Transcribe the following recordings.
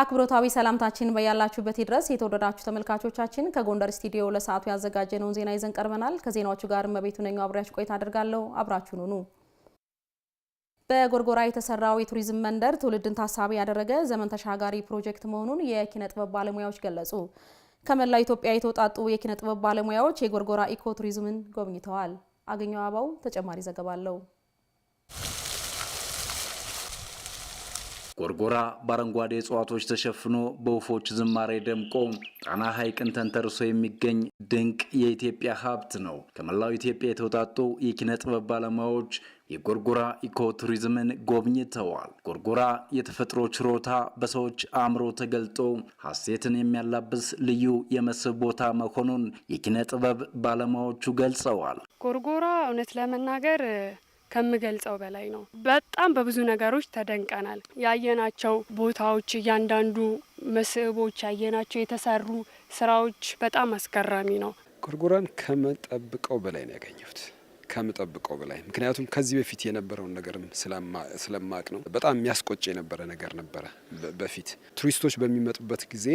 አክብሮታዊ ሰላምታችን በያላችሁበት ድረስ የተወደዳችሁ ተመልካቾቻችን ከጎንደር ስቱዲዮ ለሰዓቱ ያዘጋጀነውን ዜና ይዘን ቀርበናል። ከዜናዎቹ ጋር መቤቱ ነኝ አብሬያችሁ ቆይታ አደርጋለሁ። አብራችሁን ሁኑ። በጎርጎራ የተሰራው የቱሪዝም መንደር ትውልድን ታሳቢ ያደረገ ዘመን ተሻጋሪ ፕሮጀክት መሆኑን የኪነ ጥበብ ባለሙያዎች ገለጹ። ከመላው ኢትዮጵያ የተውጣጡ የኪነ ጥበብ ባለሙያዎች የጎርጎራ ኢኮ ቱሪዝምን ጎብኝተዋል። አገኘው አባው ተጨማሪ ዘገባ አለው። ጎርጎራ በአረንጓዴ እጽዋቶች ተሸፍኖ በወፎች ዝማሬ ደምቆ ጣና ሐይቅን ተንተርሶ የሚገኝ ድንቅ የኢትዮጵያ ሀብት ነው። ከመላው ኢትዮጵያ የተውጣጡ የኪነ ጥበብ ባለሙያዎች የጎርጎራ ኢኮቱሪዝምን ጎብኝተዋል። ጎርጎራ የተፈጥሮ ችሮታ በሰዎች አእምሮ ተገልጦ ሐሴትን የሚያላብስ ልዩ የመስህብ ቦታ መሆኑን የኪነ ጥበብ ባለሙያዎቹ ገልጸዋል። ጎርጎራ እውነት ለመናገር ከምገልጸው በላይ ነው። በጣም በብዙ ነገሮች ተደንቀናል። ያየናቸው ቦታዎች፣ እያንዳንዱ መስህቦች፣ ያየናቸው የተሰሩ ስራዎች በጣም አስገራሚ ነው። ጎርጎራን ከመጠብቀው በላይ ነው ያገኘሁት። ከምጠብቀው በላይ ምክንያቱም ከዚህ በፊት የነበረውን ነገርም ስለማቅ ነው። በጣም የሚያስቆጭ የነበረ ነገር ነበረ። በፊት ቱሪስቶች በሚመጡበት ጊዜ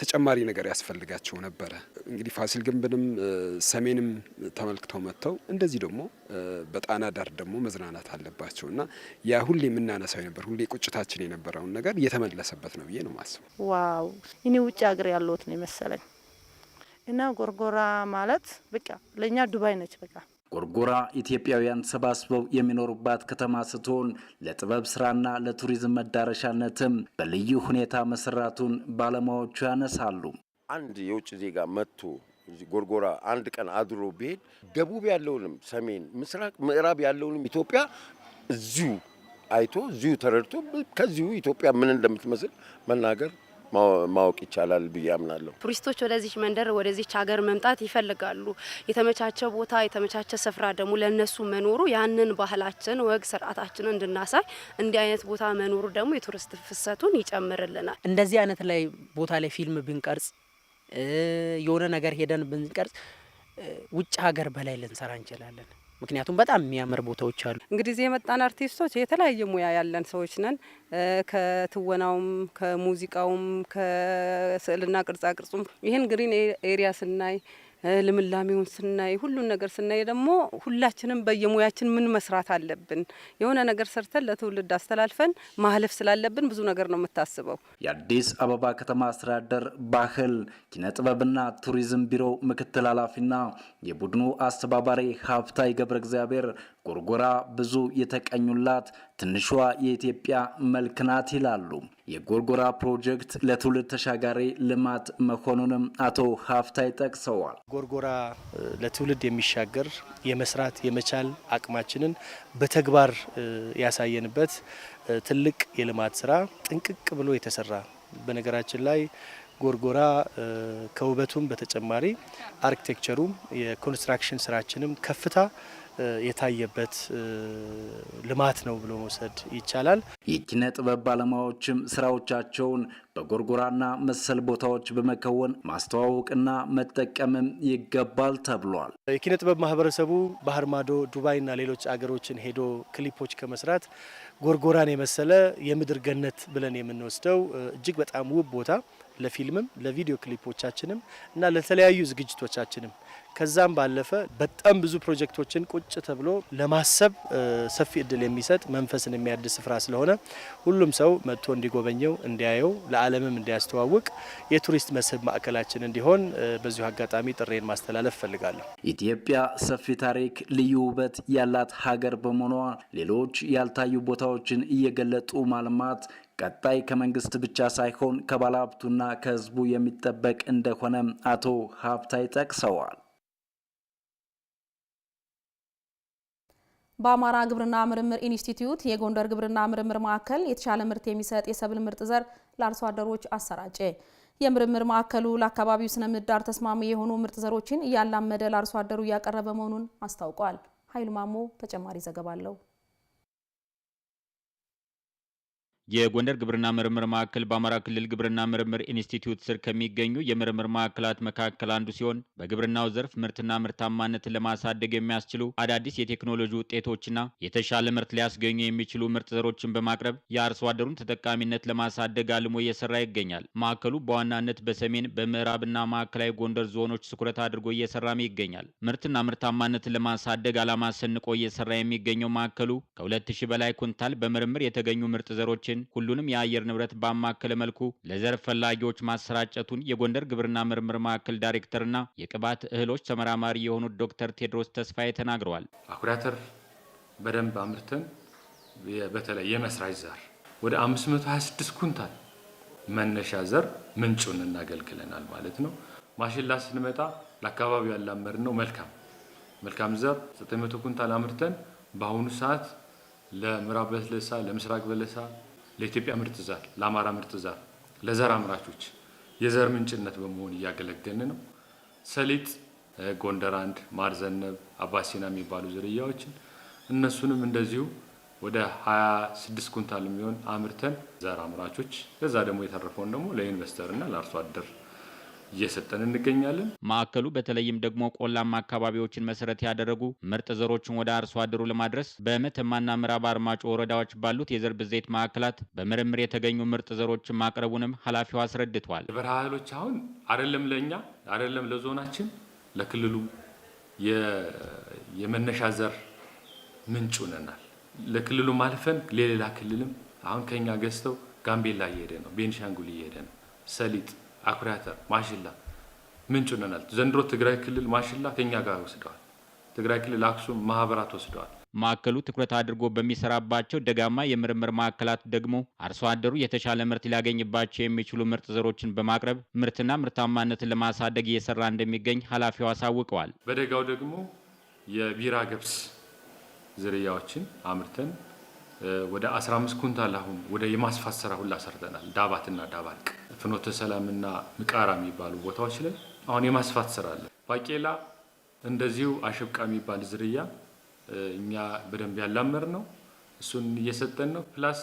ተጨማሪ ነገር ያስፈልጋቸው ነበረ። እንግዲህ ፋሲል ግንብንም ሰሜንም ተመልክተው መጥተው እንደዚህ ደግሞ በጣና ዳር ደግሞ መዝናናት አለባቸው እና ያ ሁሌ የምናነሳው የነበር ሁሌ ቁጭታችን የነበረውን ነገር የተመለሰበት ነው ብዬ ነው ማስበው። ዋው እኔ ውጭ ሀገር ያለሁት ነው የመሰለኝ እና ጎርጎራ ማለት በቃ ለእኛ ዱባይ ነች በቃ ጎርጎራ ኢትዮጵያውያን ተሰባስበው የሚኖሩባት ከተማ ስትሆን ለጥበብ ስራና ለቱሪዝም መዳረሻነትም በልዩ ሁኔታ መሰራቱን ባለሙያዎቹ ያነሳሉ። አንድ የውጭ ዜጋ መጥቶ ጎርጎራ አንድ ቀን አድሮ ቢሄድ ደቡብ ያለውንም ሰሜን፣ ምስራቅ፣ ምዕራብ ያለውንም ኢትዮጵያ እዚሁ አይቶ እዚሁ ተረድቶ ከዚሁ ኢትዮጵያ ምን እንደምትመስል መናገር ማወቅ ይቻላል ብዬ አምናለሁ። ቱሪስቶች ወደዚች መንደር ወደዚች ሀገር መምጣት ይፈልጋሉ። የተመቻቸ ቦታ የተመቻቸ ስፍራ ደግሞ ለነሱ መኖሩ ያንን ባህላችን፣ ወግ ስርዓታችንን እንድናሳይ እንዲህ አይነት ቦታ መኖሩ ደግሞ የቱሪስት ፍሰቱን ይጨምርልናል። እንደዚህ አይነት ላይ ቦታ ላይ ፊልም ብንቀርጽ የሆነ ነገር ሄደን ብንቀርጽ ውጭ ሀገር በላይ ልንሰራ እንችላለን። ምክንያቱም በጣም የሚያምር ቦታዎች አሉ። እንግዲህ እዚህ የመጣን አርቲስቶች የተለያየ ሙያ ያለን ሰዎች ነን። ከትወናውም፣ ከሙዚቃውም፣ ከስዕልና ቅርጻ ቅርጹም ይህን ግሪን ኤሪያ ስናይ ልምላሜውን ስናይ ሁሉን ነገር ስናይ ደግሞ ሁላችንም በየሙያችን ምን መስራት አለብን፣ የሆነ ነገር ሰርተን ለትውልድ አስተላልፈን ማህለፍ ስላለብን ብዙ ነገር ነው የምታስበው። የአዲስ አበባ ከተማ አስተዳደር ባህል ኪነ ጥበብና ቱሪዝም ቢሮ ምክትል ኃላፊና የቡድኑ አስተባባሪ ሀብታይ ገብረ እግዚአብሔር ጎርጎራ ብዙ የተቀኙላት ትንሿ የኢትዮጵያ መልክ ናት ይላሉ። የጎርጎራ ፕሮጀክት ለትውልድ ተሻጋሪ ልማት መሆኑንም አቶ ሀፍታይ ጠቅሰዋል። ጎርጎራ ለትውልድ የሚሻገር የመስራት የመቻል አቅማችንን በተግባር ያሳየንበት ትልቅ የልማት ስራ ጥንቅቅ ብሎ የተሰራ በነገራችን ላይ ጎርጎራ ከውበቱም በተጨማሪ አርኪቴክቸሩም የኮንስትራክሽን ስራችንም ከፍታ የታየበት ልማት ነው ብሎ መውሰድ ይቻላል። የኪነ ጥበብ ባለሙያዎችም ስራዎቻቸውን በጎርጎራና መሰል ቦታዎች በመከወን ማስተዋወቅና መጠቀምም ይገባል ተብሏል። የኪነ ጥበብ ማህበረሰቡ ባህር ማዶ፣ ዱባይና ሌሎች አገሮችን ሄዶ ክሊፖች ከመስራት ጎርጎራን የመሰለ የምድር ገነት ብለን የምንወስደው እጅግ በጣም ውብ ቦታ ለፊልምም ለቪዲዮ ክሊፖቻችንም እና ለተለያዩ ዝግጅቶቻችንም ከዛም ባለፈ በጣም ብዙ ፕሮጀክቶችን ቁጭ ተብሎ ለማሰብ ሰፊ እድል የሚሰጥ መንፈስን የሚያድስ ስፍራ ስለሆነ ሁሉም ሰው መጥቶ እንዲጎበኘው፣ እንዲያየው፣ ለዓለምም እንዲያስተዋውቅ የቱሪስት መስህብ ማዕከላችን እንዲሆን በዚሁ አጋጣሚ ጥሬን ማስተላለፍ ፈልጋለሁ። ኢትዮጵያ ሰፊ ታሪክ፣ ልዩ ውበት ያላት ሀገር በመሆኗ ሌሎች ያልታዩ ቦታዎችን እየገለጡ ማልማት ቀጣይ ከመንግስት ብቻ ሳይሆን ከባለሀብቱና ከህዝቡ የሚጠበቅ እንደሆነም አቶ ሀብታይ ጠቅሰዋል። በአማራ ግብርና ምርምር ኢንስቲትዩት የጎንደር ግብርና ምርምር ማዕከል የተሻለ ምርት የሚሰጥ የሰብል ምርጥ ዘር ለአርሶ አደሮች አሰራጨ። የምርምር ማዕከሉ ለአካባቢው ስነ ምህዳር ተስማሚ የሆኑ ምርጥ ዘሮችን እያላመደ ለአርሶ አደሩ እያቀረበ መሆኑን አስታውቋል። ኃይሉ ማሞ ተጨማሪ ዘገባ አለው። የጎንደር ግብርና ምርምር ማዕከል በአማራ ክልል ግብርና ምርምር ኢንስቲትዩት ስር ከሚገኙ የምርምር ማዕከላት መካከል አንዱ ሲሆን በግብርናው ዘርፍ ምርትና ምርታማነትን ለማሳደግ የሚያስችሉ አዳዲስ የቴክኖሎጂ ውጤቶችና የተሻለ ምርት ሊያስገኙ የሚችሉ ምርጥ ዘሮችን በማቅረብ የአርሶ አደሩን ተጠቃሚነት ለማሳደግ አልሞ እየሰራ ይገኛል። ማዕከሉ በዋናነት በሰሜን በምዕራብና ማዕከላዊ ጎንደር ዞኖች ትኩረት አድርጎ እየሰራም ይገኛል። ምርትና ምርታማነትን ለማሳደግ ዓላማ ሰንቆ እየሰራ የሚገኘው ማዕከሉ ከሁለት ሺህ በላይ ኩንታል በምርምር የተገኙ ምርጥ ዘሮችን ምርቶችን ሁሉንም የአየር ንብረት ባማከለ መልኩ ለዘርፍ ፈላጊዎች ማሰራጨቱን የጎንደር ግብርና ምርምር ማዕከል ዳይሬክተርና የቅባት እህሎች ተመራማሪ የሆኑት ዶክተር ቴድሮስ ተስፋዬ ተናግረዋል። አኩሪ አተር በደንብ አምርተን በተለይ የመስራች ዘር ወደ 526 ኩንታል መነሻ ዘር ምንጩን እናገልግለናል ማለት ነው። ማሽላ ስንመጣ ለአካባቢው ያላመር ነው መልካም መልካም ዘር 900 ኩንታል አምርተን በአሁኑ ሰዓት ለምዕራብ በለሳ፣ ለምስራቅ በለሳ ለኢትዮጵያ ምርጥ ዘር፣ ለአማራ ምርጥ ዘር፣ ለዘር አምራቾች የዘር ምንጭነት በመሆን እያገለገልን ነው። ሰሊጥ ጎንደር አንድ፣ ማርዘነብ፣ አባሲና የሚባሉ ዝርያዎችን እነሱንም እንደዚሁ ወደ 26 ኩንታል የሚሆን አምርተን ዘር አምራቾች ከዛ ደግሞ የተረፈውን ደግሞ ለኢንቨስተርና ለአርሶ አደር እየሰጠን እንገኛለን። ማዕከሉ በተለይም ደግሞ ቆላማ አካባቢዎችን መሰረት ያደረጉ ምርጥ ዘሮችን ወደ አርሶ አደሩ ለማድረስ በመተማና ምዕራብ አርማጮ ወረዳዎች ባሉት የዘር ብዜት ማዕከላት በምርምር የተገኙ ምርጥ ዘሮችን ማቅረቡንም ኃላፊው አስረድቷል። የበረሃ እህሎች አሁን አይደለም ለእኛ አይደለም ለዞናችን ለክልሉ የመነሻ ዘር ምንጭ ሆነናል። ለክልሉም አልፈን ለሌላ ክልልም አሁን ከኛ ገዝተው ጋምቤላ እየሄደ ነው፣ ቤንሻንጉል እየሄደ ነው ሰሊጥ አኩሪ አተር፣ ማሽላ ምንጭ ነናል። ዘንድሮ ትግራይ ክልል ማሽላ ከኛ ጋር ወስደዋል። ትግራይ ክልል አክሱም ማህበራት ወስደዋል። ማዕከሉ ትኩረት አድርጎ በሚሰራባቸው ደጋማ የምርምር ማዕከላት ደግሞ አርሶ አደሩ የተሻለ ምርት ሊያገኝባቸው የሚችሉ ምርጥ ዘሮችን በማቅረብ ምርትና ምርታማነትን ለማሳደግ እየሰራ እንደሚገኝ ኃላፊው አሳውቀዋል። በደጋው ደግሞ የቢራ ገብስ ዝርያዎችን አምርተን ወደ 15 ኩንታል አሁን ወደ የማስፋት ስራ ሁላ ሰርተናል። ዳባትና ዳባልቅ ፍኖተ ሰላምና ምቃራ የሚባሉ ቦታዎች ላይ አሁን የማስፋት ስራ አለ። ባቄላ እንደዚሁ አሸብቃ የሚባል ዝርያ እኛ በደንብ ያላመር ነው፣ እሱን እየሰጠን ነው። ፕላስ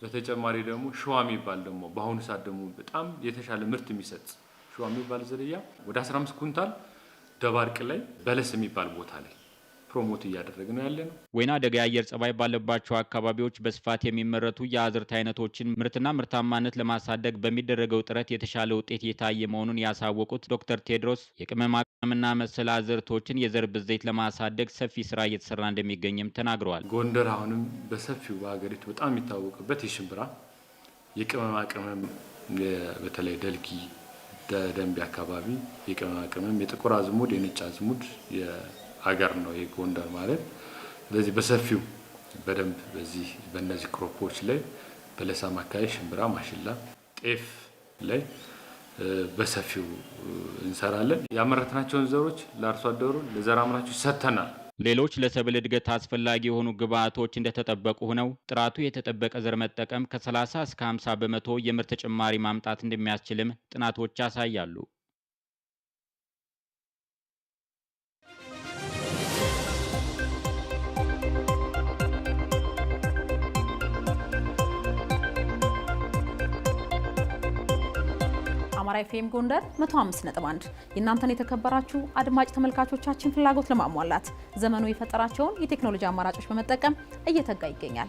በተጨማሪ ደግሞ ሸዋ የሚባል ደግሞ በአሁኑ ሰዓት ደግሞ በጣም የተሻለ ምርት የሚሰጥ ሸዋ የሚባል ዝርያ ወደ 15 ኩንታል ደባርቅ ላይ በለስ የሚባል ቦታ ላይ ፕሮሞት እያደረግ ነው ያለ ነው። ወይና ደጋ የአየር ጸባይ ባለባቸው አካባቢዎች በስፋት የሚመረቱ የአዝርት አይነቶችን ምርትና ምርታማነት ለማሳደግ በሚደረገው ጥረት የተሻለ ውጤት የታየ መሆኑን ያሳወቁት ዶክተር ቴድሮስ የቅመማ ቅመምና መሰል አዝርቶችን የዘር ብዜት ለማሳደግ ሰፊ ስራ እየተሰራ እንደሚገኝም ተናግረዋል። ጎንደር አሁንም በሰፊው በሀገሪቱ በጣም የሚታወቅበት የሽምብራ የቅመማ ቅመም በተለይ ደልጊ ደንቢ አካባቢ የቅመማ ቅመም የጥቁር አዝሙድ፣ የነጭ አዝሙድ አገር ነው ይሄ ጎንደር ማለት። ስለዚህ በሰፊው በደንብ በዚህ በእነዚህ ክሮፖች ላይ በለሳ አካባቢ ሽምብራ፣ ማሽላ፣ ጤፍ ላይ በሰፊው እንሰራለን። ያመረትናቸውን ዘሮች ለአርሶ አደሩ ለዘር አምራቹ ሰጥተናል። ሌሎች ለሰብል እድገት አስፈላጊ የሆኑ ግብዓቶች እንደተጠበቁ ሆነው ጥራቱ የተጠበቀ ዘር መጠቀም ከ30 እስከ 50 በመቶ የምርት ጭማሪ ማምጣት እንደሚያስችልም ጥናቶች ያሳያሉ። አማራ ኤፍኤም ጎንደር 151 የእናንተን የተከበራችሁ አድማጭ ተመልካቾቻችን ፍላጎት ለማሟላት ዘመኑ የፈጠራቸውን የቴክኖሎጂ አማራጮች በመጠቀም እየተጋ ይገኛል።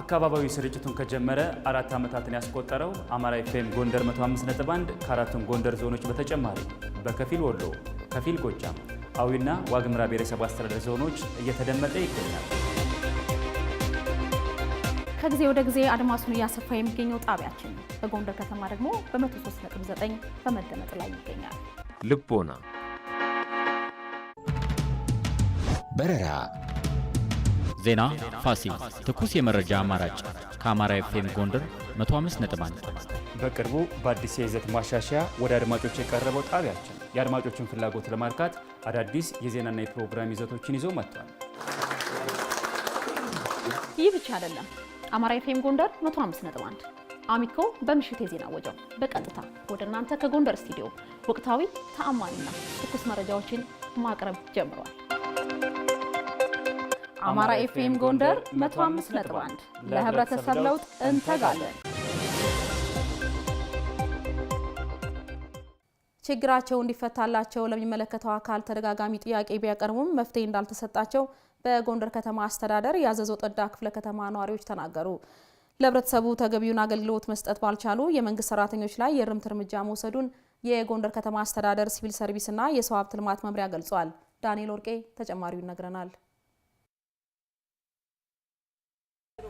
አካባቢያዊ ስርጭቱን ከጀመረ አራት ዓመታትን ያስቆጠረው አማራ ኤፍኤም ጎንደር 151 ከአራቱም ጎንደር ዞኖች በተጨማሪ በከፊል ወሎ፣ ከፊል ጎጃም፣ አዊና ዋግምራ ብሔረሰብ አስተዳደር ዞኖች እየተደመጠ ይገኛል። ከጊዜ ወደ ጊዜ አድማሱን እያሰፋ የሚገኘው ጣቢያችን በጎንደር ከተማ ደግሞ በ103.9 በመደመጥ ላይ ይገኛል። ልቦና፣ በረራ፣ ዜና ፋሲል ትኩስ የመረጃ አማራጭ ከአማራ ኤፍኤም ጎንደር 105.1 በቅርቡ በአዲስ የይዘት ማሻሻያ ወደ አድማጮች የቀረበው ጣቢያችን የአድማጮችን ፍላጎት ለማርካት አዳዲስ የዜናና የፕሮግራም ይዘቶችን ይዞ መጥቷል። ይህ ብቻ አይደለም። አማራ ኤፍኤም ጎንደር 105.1 አሚኮ በምሽት የዜና ወጃው በቀጥታ ወደ እናንተ ከጎንደር ስቱዲዮ ወቅታዊ ተአማኒና ትኩስ መረጃዎችን ማቅረብ ጀምሯል። አማራ ኤፍኤም ጎንደር 105.1 ለህብረተሰብ ለውጥ እንተጋለን። ችግራቸው እንዲፈታላቸው ለሚመለከተው አካል ተደጋጋሚ ጥያቄ ቢያቀርቡም መፍትሄ እንዳልተሰጣቸው በጎንደር ከተማ አስተዳደር ያዘዘው ጠዳ ክፍለ ከተማ ነዋሪዎች ተናገሩ። ለህብረተሰቡ ተገቢውን አገልግሎት መስጠት ባልቻሉ የመንግስት ሰራተኞች ላይ የእርምት እርምጃ መውሰዱን የጎንደር ከተማ አስተዳደር ሲቪል ሰርቪስና የሰው ሀብት ልማት መምሪያ ገልጿል። ዳንኤል ወርቄ ተጨማሪው ነግረናል።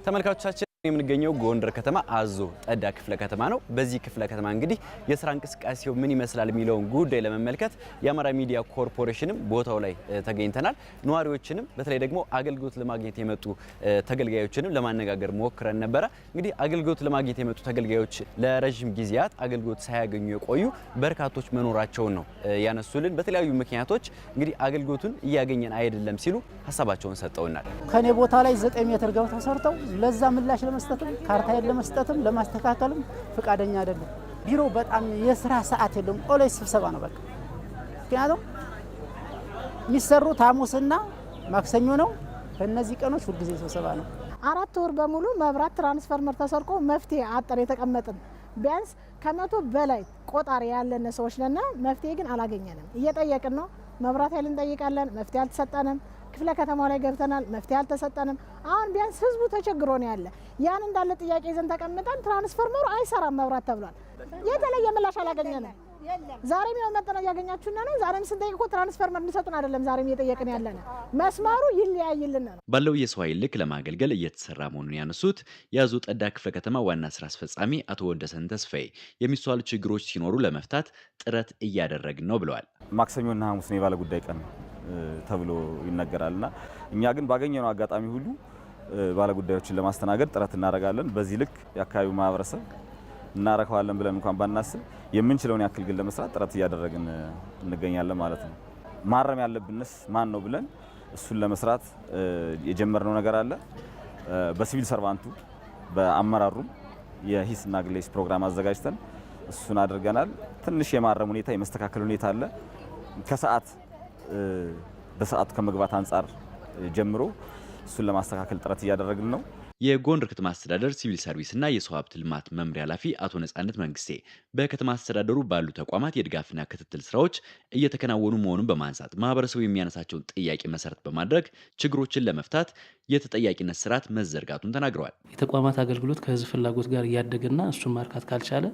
ተመልካቾቻችን የምንገኘው ጎንደር ከተማ አዞ ጠዳ ክፍለ ከተማ ነው። በዚህ ክፍለ ከተማ እንግዲህ የስራ እንቅስቃሴው ምን ይመስላል የሚለውን ጉዳይ ለመመልከት የአማራ ሚዲያ ኮርፖሬሽንም ቦታው ላይ ተገኝተናል። ነዋሪዎችንም በተለይ ደግሞ አገልግሎት ለማግኘት የመጡ ተገልጋዮችንም ለማነጋገር ሞክረን ነበረ። እንግዲህ አገልግሎት ለማግኘት የመጡ ተገልጋዮች ለረዥም ጊዜያት አገልግሎት ሳያገኙ የቆዩ በርካቶች መኖራቸውን ነው ያነሱልን። በተለያዩ ምክንያቶች እንግዲህ አገልግሎቱን እያገኘን አይደለም ሲሉ ሀሳባቸውን ሰጠውናል። ከኔ ቦታ ላይ ዘጠኝ ሜትር ገብተው ሰርተው ለዛ ምላሽ ለመስጠትም ካርታዬን ለመስጠትም ለማስተካከልም ፈቃደኛ አይደለም። ቢሮ በጣም የስራ ሰዓት የለም። ኦሌ ስብሰባ ነው በቃ። ምክንያቱም የሚሰሩት ሐሙስና ማክሰኞ ነው። ከእነዚህ ቀኖች ሁልጊዜ ስብሰባ ነው። አራት ወር በሙሉ መብራት ትራንስፈርመር ተሰርቆ መፍትሄ አጠር የተቀመጥን ቢያንስ ከመቶ በላይ ቆጣሪ ያለን ሰዎች ነና መፍትሄ ግን አላገኘንም። እየጠየቅን ነው። መብራት ኃይል እንጠይቃለን። መፍትሄ አልተሰጠንም። ክፍለ ከተማው ላይ ገብተናል፣ መፍትሄ አልተሰጠንም። አሁን ቢያንስ ህዝቡ ተቸግሮ ነው ያለ። ያን እንዳለ ጥያቄ ይዘን ተቀምጠን ትራንስፎርመሩ አይሰራም መብራት ተብሏል። የተለየ ምላሽ አላገኘንም። ዛሬም ያው መጠነ እያገኛችሁና ነው። ዛሬም ስንጠይቅ እኮ ትራንስፈርመር እንዲሰጡን አይደለም፣ ዛሬም እየጠየቅን ያለ ነው። መስመሩ ይለያይልን ነው። ባለው የሰው ኃይል ልክ ለማገልገል እየተሰራ መሆኑን ያነሱት የያዙ ጠዳ ክፍለ ከተማ ዋና ስራ አስፈጻሚ አቶ ወንደሰን ተስፋዬ የሚስተዋሉ ችግሮች ሲኖሩ ለመፍታት ጥረት እያደረግን ነው ብለዋል። ማክሰኞና ሐሙስ ነው የባለ ጉዳይ ቀን ተብሎ ይነገራል ና እኛ ግን ባገኘነው አጋጣሚ ሁሉ ባለጉዳዮችን ለማስተናገድ ጥረት እናደርጋለን። በዚህ ልክ የአካባቢው ማህበረሰብ እናረከዋለን ብለን እንኳን ባናስብ የምንችለውን ያክል ግን ለመስራት ጥረት እያደረግን እንገኛለን ማለት ነው። ማረም ያለብንስ ማን ነው ብለን እሱን ለመስራት የጀመርነው ነገር አለ። በሲቪል ሰርቫንቱ በአመራሩም የሂስና ግሌስ ፕሮግራም አዘጋጅተን እሱን አድርገናል። ትንሽ የማረም ሁኔታ የመስተካከል ሁኔታ አለ ከሰዓት በሰዓት ከመግባት አንጻር ጀምሮ እሱን ለማስተካከል ጥረት እያደረግን ነው። የጎንደር ከተማ አስተዳደር ሲቪል ሰርቪስና የሰው ሀብት ልማት መምሪያ ኃላፊ አቶ ነጻነት መንግስቴ በከተማ አስተዳደሩ ባሉ ተቋማት የድጋፍና ክትትል ስራዎች እየተከናወኑ መሆኑን በማንሳት ማህበረሰቡ የሚያነሳቸውን ጥያቄ መሰረት በማድረግ ችግሮችን ለመፍታት የተጠያቂነት ስርዓት መዘርጋቱን ተናግረዋል። የተቋማት አገልግሎት ከህዝብ ፍላጎት ጋር እያደገና እሱን ማርካት ካልቻለ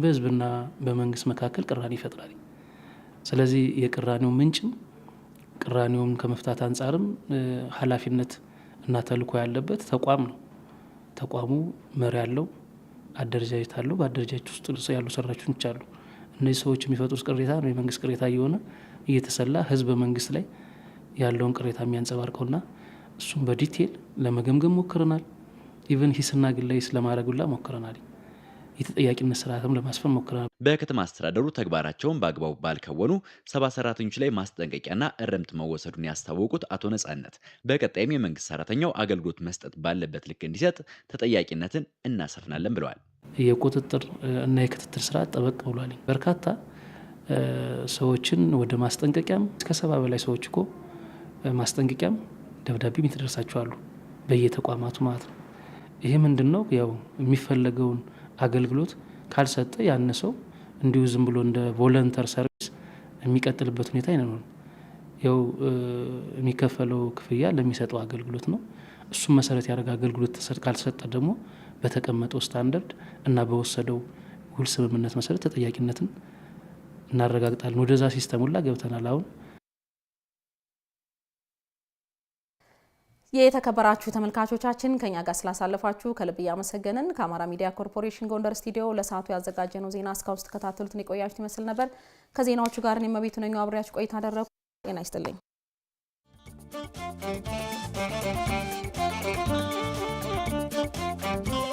በህዝብና በመንግስት መካከል ቅራኔ ይፈጥራል። ስለዚህ የቅራኔው ምንጭም ቅራኔውን ከመፍታት አንጻርም ኃላፊነት እና ተልኮ ያለበት ተቋም ነው። ተቋሙ መሪ ያለው አደረጃጀት አለው። በአደረጃጀት ውስጥ ያሉ ሰራቾች አሉ። እነዚህ ሰዎች የሚፈጥሩት ቅሬታ ነው የመንግስት ቅሬታ እየሆነ እየተሰላ ህዝብ መንግስት ላይ ያለውን ቅሬታ የሚያንጸባርቀውና እሱም በዲቴል ለመገምገም ሞክረናል። ኢቨን ሂስና ግለሂስ ለማድረግ ሞክረናል። የተጠያቂነት ስርዓትም ለማስፈን ሞክረናል። በከተማ አስተዳደሩ ተግባራቸውን በአግባቡ ባልከወኑ ሰባ ሰራተኞች ላይ ማስጠንቀቂያና እረምት መወሰዱን ያስታወቁት አቶ ነጻነት በቀጣይም የመንግስት ሰራተኛው አገልግሎት መስጠት ባለበት ልክ እንዲሰጥ ተጠያቂነትን እናሰፍናለን ብለዋል። የቁጥጥር እና የክትትል ስርዓት ጠበቅ ብሏል። በርካታ ሰዎችን ወደ ማስጠንቀቂያም እስከ ሰባ በላይ ሰዎች እኮ ማስጠንቀቂያም ደብዳቤም የተደርሳቸዋሉ በየተቋማቱ ማለት ነው። ይሄ ምንድን ነው ያው የሚፈለገውን አገልግሎት ካልሰጠ ያን ሰው እንዲሁ ዝም ብሎ እንደ ቮለንተር ሰርቪስ የሚቀጥልበት ሁኔታ ይኖራል። ያው የሚከፈለው ክፍያ ለሚሰጠው አገልግሎት ነው። እሱም መሰረት ያደረገ አገልግሎት ካልሰጠ ደግሞ በተቀመጠው ስታንዳርድ እና በወሰደው ውል ስምምነት መሰረት ተጠያቂነትን እናረጋግጣለን። ወደዛ ሲስተም ገብተናል አሁን የተከበራችሁ ተመልካቾቻችን ከኛ ጋር ስላሳለፋችሁ ከልብ እያመሰገንን ከአማራ ሚዲያ ኮርፖሬሽን ጎንደር ስቱዲዮ ለሰዓቱ ያዘጋጀነው ዜና እስካሁን ስትከታተሉትን የቆያችሁት ይመስል ነበር። ከዜናዎቹ ጋር እኔ መቤቱ ነኝ፣ አብሬያችሁ ቆይታ አደረኩ። ጤና ይስጥልኝ።